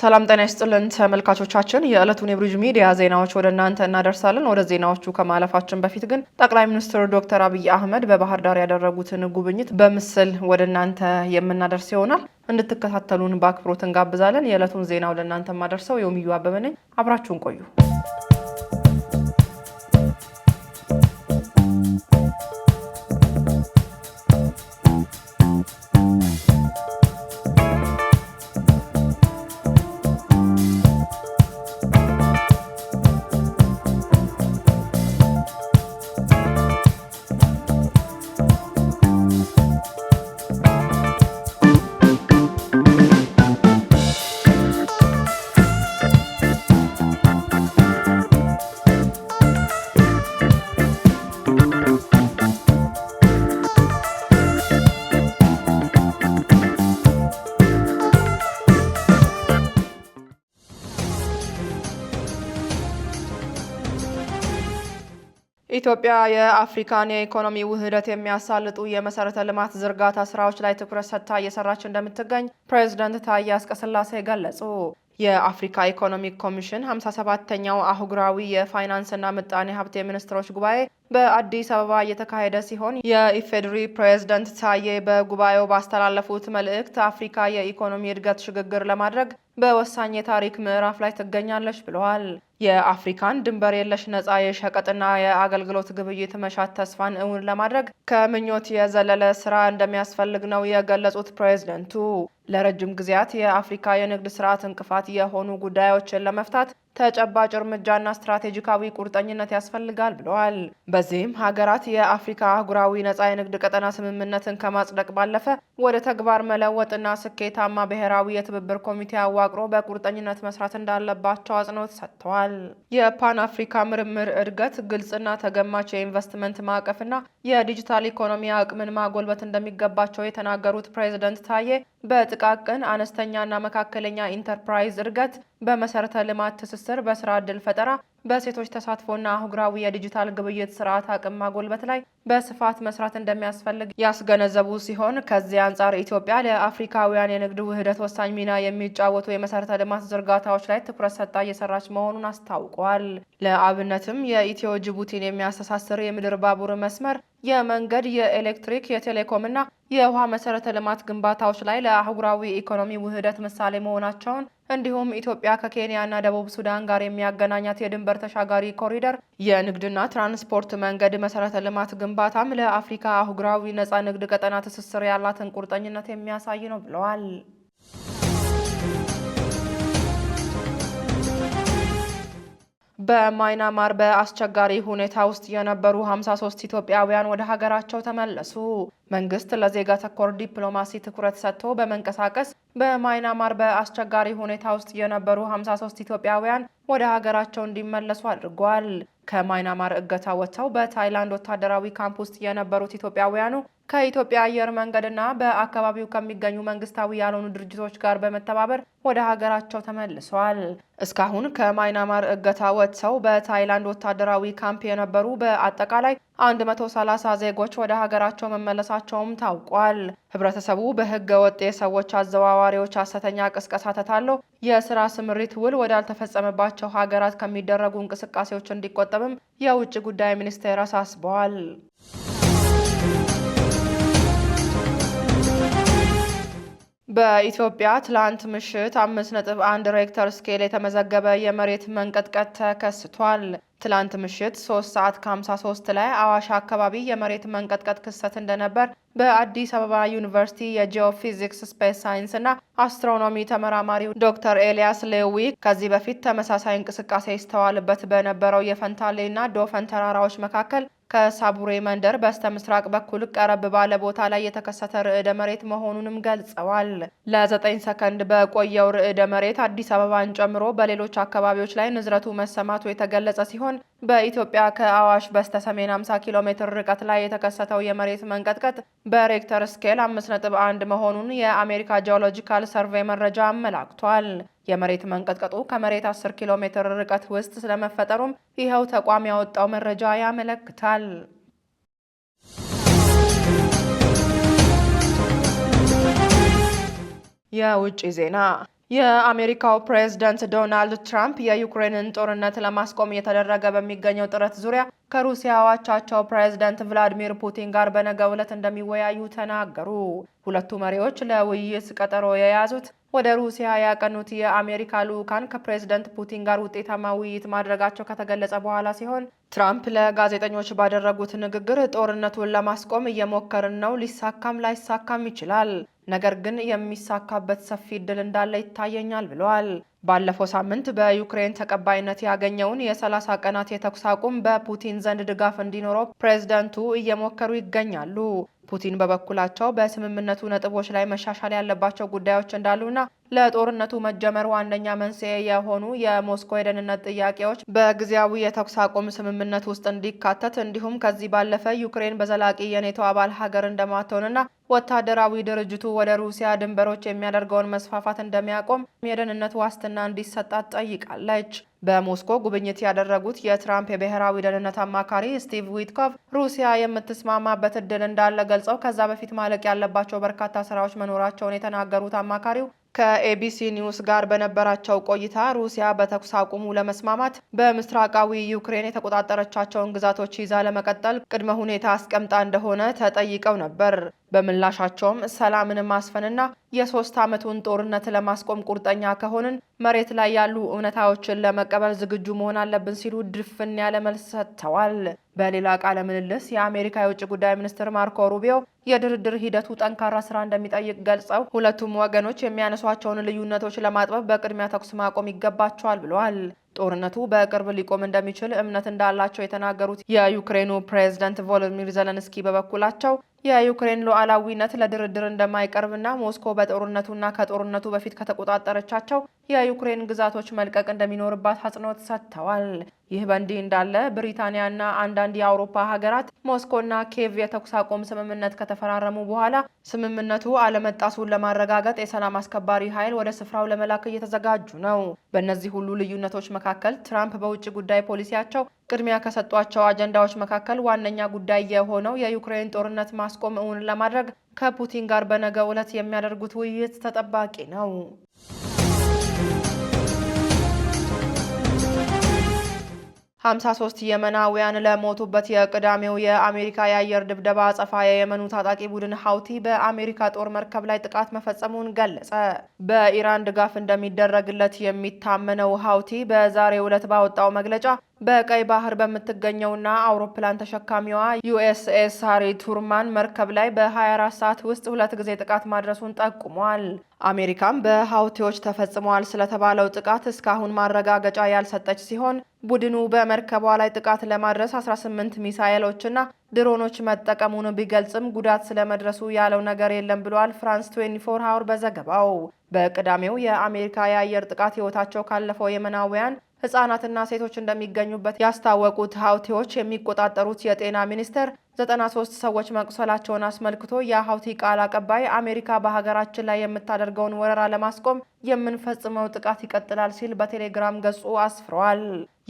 ሰላም ጤና ይስጥልን ተመልካቾቻችን፣ የዕለቱን የብሪጅ ሚዲያ ዜናዎች ወደ እናንተ እናደርሳለን። ወደ ዜናዎቹ ከማለፋችን በፊት ግን ጠቅላይ ሚኒስትር ዶክተር አብይ አህመድ በባህር ዳር ያደረጉትን ጉብኝት በምስል ወደ እናንተ የምናደርስ ይሆናል። እንድትከታተሉን በአክብሮት እንጋብዛለን። የዕለቱን ዜና ወደ እናንተ የማደርሰው የውምዩ አበበ ነኝ። አብራችሁን ቆዩ። ኢትዮጵያ የአፍሪካን የኢኮኖሚ ውህደት የሚያሳልጡ የመሰረተ ልማት ዝርጋታ ስራዎች ላይ ትኩረት ሰጥታ እየሰራች እንደምትገኝ ፕሬዝደንት ታዬ አጽቀሥላሴ ገለጹ። የአፍሪካ ኢኮኖሚክ ኮሚሽን 57 ተኛው አህጉራዊ የፋይናንስና ምጣኔ ሀብት የሚኒስትሮች ጉባኤ በአዲስ አበባ እየተካሄደ ሲሆን የኢፌዴሪ ፕሬዝደንት ታዬ በጉባኤው ባስተላለፉት መልእክት አፍሪካ የኢኮኖሚ እድገት ሽግግር ለማድረግ በወሳኝ የታሪክ ምዕራፍ ላይ ትገኛለች ብለዋል። የአፍሪካን ድንበር የለሽ ነጻ የሸቀጥና የአገልግሎት ግብይት መሻት ተስፋን እውን ለማድረግ ከምኞት የዘለለ ስራ እንደሚያስፈልግ ነው የገለጹት ፕሬዚደንቱ። ለረጅም ጊዜያት የአፍሪካ የንግድ ስርዓት እንቅፋት የሆኑ ጉዳዮችን ለመፍታት ተጨባጭ እርምጃና ስትራቴጂካዊ ቁርጠኝነት ያስፈልጋል ብለዋል። በዚህም ሀገራት የአፍሪካ አህጉራዊ ነጻ የንግድ ቀጠና ስምምነትን ከማጽደቅ ባለፈ ወደ ተግባር መለወጥና ስኬታማ ብሔራዊ የትብብር ኮሚቴ አዋቅሮ በቁርጠኝነት መስራት እንዳለባቸው አጽንኦት ሰጥተዋል። የፓን አፍሪካ ምርምር እድገት፣ ግልጽና ተገማች የኢንቨስትመንት ማዕቀፍና የዲጂታል ኢኮኖሚ አቅምን ማጎልበት እንደሚገባቸው የተናገሩት ፕሬዚደንት ታዬ በጥቃቅን አነስተኛና መካከለኛ ኢንተርፕራይዝ እድገት፣ በመሰረተ ልማት ትስስር፣ በስራ ዕድል ፈጠራ፣ በሴቶች ተሳትፎና አህጉራዊ የዲጂታል ግብይት ስርዓት አቅም ማጎልበት ላይ በስፋት መስራት እንደሚያስፈልግ ያስገነዘቡ ሲሆን ከዚህ አንጻር ኢትዮጵያ ለአፍሪካውያን የንግድ ውህደት ወሳኝ ሚና የሚጫወቱ የመሰረተ ልማት ዝርጋታዎች ላይ ትኩረት ሰጣ እየሰራች መሆኑን አስታውቋል። ለአብነትም የኢትዮ ጅቡቲን የሚያስተሳስር የምድር ባቡር መስመር የመንገድ፣ የኤሌክትሪክ፣ የቴሌኮም እና የውሃ መሰረተ ልማት ግንባታዎች ላይ ለአህጉራዊ ኢኮኖሚ ውህደት ምሳሌ መሆናቸውን እንዲሁም ኢትዮጵያ ከኬንያ እና ደቡብ ሱዳን ጋር የሚያገናኛት የድንበር ተሻጋሪ ኮሪደር የንግድና ትራንስፖርት መንገድ መሰረተ ልማት ግንባታም ለአፍሪካ አህጉራዊ ነፃ ንግድ ቀጠና ትስስር ያላትን ቁርጠኝነት የሚያሳይ ነው ብለዋል። በማይናማር በአስቸጋሪ ሁኔታ ውስጥ የነበሩ 53 ኢትዮጵያውያን ወደ ሀገራቸው ተመለሱ። መንግስት ለዜጋ ተኮር ዲፕሎማሲ ትኩረት ሰጥቶ በመንቀሳቀስ በማይናማር በአስቸጋሪ ሁኔታ ውስጥ የነበሩ 53 ኢትዮጵያውያን ወደ ሀገራቸው እንዲመለሱ አድርጓል። ከማይናማር እገታ ወጥተው በታይላንድ ወታደራዊ ካምፕ ውስጥ የነበሩት ኢትዮጵያውያኑ ከኢትዮጵያ አየር መንገድና በአካባቢው ከሚገኙ መንግስታዊ ያልሆኑ ድርጅቶች ጋር በመተባበር ወደ ሀገራቸው ተመልሰዋል። እስካሁን ከማይናማር እገታ ወጥተው በታይላንድ ወታደራዊ ካምፕ የነበሩ በአጠቃላይ 130 ዜጎች ወደ ሀገራቸው መመለሳቸውም ታውቋል። ህብረተሰቡ በህገ ወጥ የሰዎች አዘዋዋሪዎች ሐሰተኛ ቅስቀሳ ተታለው የስራ ስምሪት ውል ወዳልተፈጸመባቸው ሀገራት ከሚደረጉ እንቅስቃሴዎች እንዲቆጠብም የውጭ ጉዳይ ሚኒስቴር አሳስበዋል። በኢትዮጵያ ትላንት ምሽት አምስት ነጥብ አንድ ሬክተር ስኬል የተመዘገበ የመሬት መንቀጥቀጥ ተከስቷል። ትላንት ምሽት ሶስት ሰዓት ከ53 ላይ አዋሽ አካባቢ የመሬት መንቀጥቀጥ ክስተት እንደነበር በአዲስ አበባ ዩኒቨርሲቲ የጂኦፊዚክስ ስፔስ ሳይንስ እና አስትሮኖሚ ተመራማሪው ዶክተር ኤልያስ ሌዊ ከዚህ በፊት ተመሳሳይ እንቅስቃሴ ይስተዋልበት በነበረው የፈንታሌና ዶፈን ተራራዎች መካከል ከሳቡሬ መንደር በስተ ምስራቅ በኩል ቀረብ ባለ ቦታ ላይ የተከሰተ ርዕደ መሬት መሆኑንም ገልጸዋል። ለዘጠኝ ሰከንድ በቆየው ርዕደ መሬት አዲስ አበባን ጨምሮ በሌሎች አካባቢዎች ላይ ንዝረቱ መሰማቱ የተገለጸ ሲሆን በኢትዮጵያ ከአዋሽ በስተ ሰሜን 50 ኪሎ ሜትር ርቀት ላይ የተከሰተው የመሬት መንቀጥቀጥ በሬክተር ስኬል 5.1 መሆኑን የአሜሪካ ጂኦሎጂካል ሰርቬይ መረጃ አመላክቷል። የመሬት መንቀጥቀጡ ከመሬት 10 ኪሎ ሜትር ርቀት ውስጥ ስለመፈጠሩም ይኸው ተቋም ያወጣው መረጃ ያመለክታል። የውጭ ዜና የአሜሪካው ፕሬዝደንት ዶናልድ ትራምፕ የዩክሬንን ጦርነት ለማስቆም እየተደረገ በሚገኘው ጥረት ዙሪያ ከሩሲያ አቻቸው ፕሬዝደንት ቭላዲሚር ፑቲን ጋር በነገው ዕለት እንደሚወያዩ ተናገሩ። ሁለቱ መሪዎች ለውይይት ቀጠሮ የያዙት ወደ ሩሲያ ያቀኑት የአሜሪካ ልዑካን ከፕሬዝደንት ፑቲን ጋር ውጤታማ ውይይት ማድረጋቸው ከተገለጸ በኋላ ሲሆን ትራምፕ ለጋዜጠኞች ባደረጉት ንግግር ጦርነቱን ለማስቆም እየሞከርን ነው፣ ሊሳካም ላይሳካም ይችላል ነገር ግን የሚሳካበት ሰፊ እድል እንዳለ ይታየኛል ብለዋል። ባለፈው ሳምንት በዩክሬን ተቀባይነት ያገኘውን የሰላሳ ቀናት የተኩስ አቁም በፑቲን ዘንድ ድጋፍ እንዲኖረው ፕሬዝደንቱ እየሞከሩ ይገኛሉ። ፑቲን በበኩላቸው በስምምነቱ ነጥቦች ላይ መሻሻል ያለባቸው ጉዳዮች እንዳሉና ለጦርነቱ መጀመር ዋነኛ መንስኤ የሆኑ የሞስኮ የደህንነት ጥያቄዎች በጊዜያዊ የተኩስ አቁም ስምምነት ውስጥ እንዲካተት እንዲሁም ከዚህ ባለፈ ዩክሬን በዘላቂ የኔቶ አባል ሀገር እንደማትሆንና ወታደራዊ ድርጅቱ ወደ ሩሲያ ድንበሮች የሚያደርገውን መስፋፋት እንደሚያቆም የደህንነት ዋስትና እንዲሰጣት ጠይቃለች። በሞስኮ ጉብኝት ያደረጉት የትራምፕ የብሔራዊ ደህንነት አማካሪ ስቲቭ ዊትኮቭ ሩሲያ የምትስማማበት እድል እንዳለ ገልጸው ከዛ በፊት ማለቅ ያለባቸው በርካታ ስራዎች መኖራቸውን የተናገሩት አማካሪው ከኤቢሲ ኒውስ ጋር በነበራቸው ቆይታ ሩሲያ በተኩስ አቁሙ ለመስማማት በምስራቃዊ ዩክሬን የተቆጣጠረቻቸውን ግዛቶች ይዛ ለመቀጠል ቅድመ ሁኔታ አስቀምጣ እንደሆነ ተጠይቀው ነበር። በምላሻቸውም ሰላምን ማስፈንና የሶስት ዓመቱን ጦርነት ለማስቆም ቁርጠኛ ከሆንን መሬት ላይ ያሉ እውነታዎችን ለመቀበል ዝግጁ መሆን አለብን ሲሉ ድፍን ያለ መልስ ሰጥተዋል። በሌላ ቃለ ምልልስ የአሜሪካ የውጭ ጉዳይ ሚኒስትር ማርኮ ሩቢዮ የድርድር ሂደቱ ጠንካራ ስራ እንደሚጠይቅ ገልጸው ሁለቱም ወገኖች የሚያነሷቸውን ልዩነቶች ለማጥበብ በቅድሚያ ተኩስ ማቆም ይገባቸዋል ብለዋል። ጦርነቱ በቅርብ ሊቆም እንደሚችል እምነት እንዳላቸው የተናገሩት የዩክሬኑ ፕሬዝዳንት ቮሎዲሚር ዘለንስኪ በበኩላቸው የዩክሬን ሉዓላዊነት ለድርድር እንደማይቀርብና ሞስኮ በጦርነቱና ከጦርነቱ በፊት ከተቆጣጠረቻቸው የዩክሬን ግዛቶች መልቀቅ እንደሚኖርባት አጽንኦት ሰጥተዋል። ይህ በእንዲህ እንዳለ ብሪታንያና አንዳንድ የአውሮፓ ሀገራት ሞስኮና ኬቭ የተኩስ አቁም ስምምነት ከተፈራረሙ በኋላ ስምምነቱ አለመጣሱን ለማረጋገጥ የሰላም አስከባሪ ኃይል ወደ ስፍራው ለመላክ እየተዘጋጁ ነው። በእነዚህ ሁሉ ልዩነቶች መካከል ትራምፕ በውጭ ጉዳይ ፖሊሲያቸው ቅድሚያ ከሰጧቸው አጀንዳዎች መካከል ዋነኛ ጉዳይ የሆነው የዩክሬን ጦርነት ማስቆም እውን ለማድረግ ከፑቲን ጋር በነገ ዕለት የሚያደርጉት ውይይት ተጠባቂ ነው። 53 የመናውያን ለሞቱበት የቅዳሜው የአሜሪካ የአየር ድብደባ አጸፋ የየመኑ ታጣቂ ቡድን ሀውቲ በአሜሪካ ጦር መርከብ ላይ ጥቃት መፈጸሙን ገለጸ። በኢራን ድጋፍ እንደሚደረግለት የሚታመነው ሀውቲ በዛሬው ዕለት ባወጣው መግለጫ በቀይ ባህር በምትገኘውና አውሮፕላን ተሸካሚዋ ዩኤስኤስ ሃሪ ቱርማን መርከብ ላይ በ24 ሰዓት ውስጥ ሁለት ጊዜ ጥቃት ማድረሱን ጠቁሟል። አሜሪካም በሀውቲዎች ተፈጽመዋል ስለተባለው ጥቃት እስካሁን ማረጋገጫ ያልሰጠች ሲሆን ቡድኑ በመርከቧ ላይ ጥቃት ለማድረስ 18 ሚሳኤሎችና ድሮኖች መጠቀሙን ቢገልጽም ጉዳት ስለመድረሱ ያለው ነገር የለም ብሏል። ፍራንስ 24 ሀውር በዘገባው በቅዳሜው የአሜሪካ የአየር ጥቃት ሕይወታቸው ካለፈው የመናውያን ህጻናትና ሴቶች እንደሚገኙበት ያስታወቁት ሀውቲዎች የሚቆጣጠሩት የጤና ሚኒስቴር 93 ሰዎች መቁሰላቸውን አስመልክቶ የሀውቲ ቃል አቀባይ አሜሪካ በሀገራችን ላይ የምታደርገውን ወረራ ለማስቆም የምንፈጽመው ጥቃት ይቀጥላል ሲል በቴሌግራም ገጹ አስፍረዋል።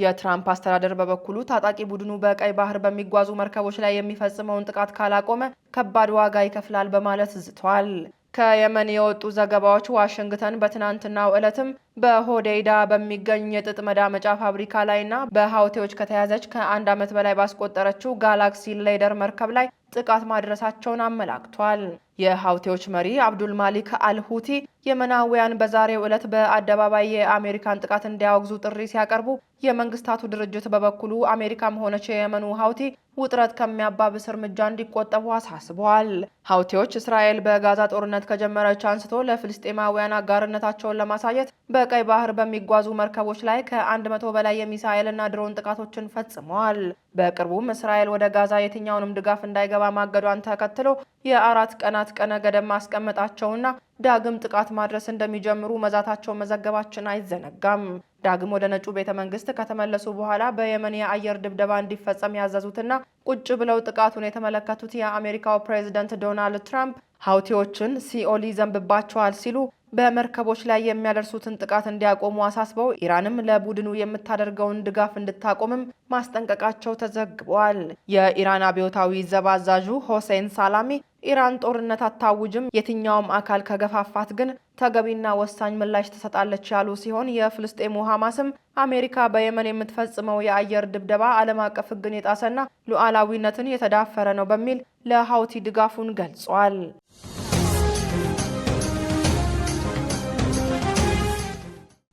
የትራምፕ አስተዳደር በበኩሉ ታጣቂ ቡድኑ በቀይ ባህር በሚጓዙ መርከቦች ላይ የሚፈጽመውን ጥቃት ካላቆመ ከባድ ዋጋ ይከፍላል በማለት ዝቷል። ከየመን የወጡ ዘገባዎች ዋሽንግተን በትናንትናው ዕለትም በሆዴይዳ በሚገኝ የጥጥ መዳመጫ ፋብሪካ ላይና በሀውቴዎች ከተያዘች ከአንድ ዓመት በላይ ባስቆጠረችው ጋላክሲ ሌደር መርከብ ላይ ጥቃት ማድረሳቸውን አመላክቷል። የሀውቴዎች መሪ አብዱል ማሊክ አልሁቲ የመናውያን በዛሬው ዕለት በአደባባይ የአሜሪካን ጥቃት እንዲያወግዙ ጥሪ ሲያቀርቡ የመንግስታቱ ድርጅት በበኩሉ አሜሪካም ሆነች የየመኑ ሀውቲ ውጥረት ከሚያባብስ እርምጃ እንዲቆጠቡ አሳስበዋል። ሀውቲዎች እስራኤል በጋዛ ጦርነት ከጀመረች አንስቶ ለፍልስጤማውያን አጋርነታቸውን ለማሳየት በቀይ ባህር በሚጓዙ መርከቦች ላይ ከአንድ መቶ በላይ የሚሳኤልና ድሮን ጥቃቶችን ፈጽመዋል። በቅርቡም እስራኤል ወደ ጋዛ የትኛውንም ድጋፍ እንዳይገባ ማገዷን ተከትሎ የአራት ቀናት ቀነ ገደብ ማስቀመጣቸውና ዳግም ጥቃት ማድረስ እንደሚጀምሩ መዛታቸው መዘገባችን አይዘነጋም። ዳግም ወደ ነጩ ቤተ መንግስት ከተመለሱ በኋላ በየመን የአየር ድብደባ እንዲፈጸም ያዘዙትና ቁጭ ብለው ጥቃቱን የተመለከቱት የአሜሪካው ፕሬዝደንት ዶናልድ ትራምፕ ሀውቲዎችን ሲኦል ይዘንብባቸዋል ሲሉ በመርከቦች ላይ የሚያደርሱትን ጥቃት እንዲያቆሙ አሳስበው ኢራንም ለቡድኑ የምታደርገውን ድጋፍ እንድታቆምም ማስጠንቀቃቸው ተዘግቧል። የኢራን አብዮታዊ ዘብ አዛዡ ሆሴን ሳላሚ ኢራን ጦርነት አታውጅም፣ የትኛውም አካል ከገፋፋት ግን ተገቢና ወሳኝ ምላሽ ትሰጣለች ያሉ ሲሆን የፍልስጤሙ ሐማስም አሜሪካ በየመን የምትፈጽመው የአየር ድብደባ ዓለም አቀፍ ሕግን የጣሰና ሉዓላዊነትን የተዳፈረ ነው በሚል ለሀውቲ ድጋፉን ገልጿል።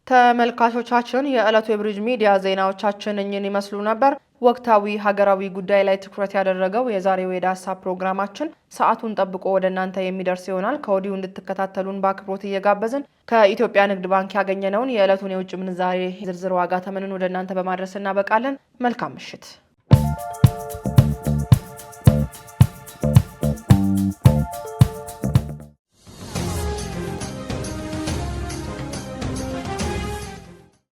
ተመልካቾቻችን የዕለቱ የብሪጅ ሚዲያ ዜናዎቻችን እኝን ይመስሉ ነበር። ወቅታዊ ሀገራዊ ጉዳይ ላይ ትኩረት ያደረገው የዛሬው የዳሳ ፕሮግራማችን ሰዓቱን ጠብቆ ወደ እናንተ የሚደርስ ይሆናል። ከወዲሁ እንድትከታተሉን በአክብሮት እየጋበዝን ከኢትዮጵያ ንግድ ባንክ ያገኘነውን የዕለቱን የውጭ ምንዛሬ ዝርዝር ዋጋ ተመንን ወደ እናንተ በማድረስ እናበቃለን። መልካም ምሽት።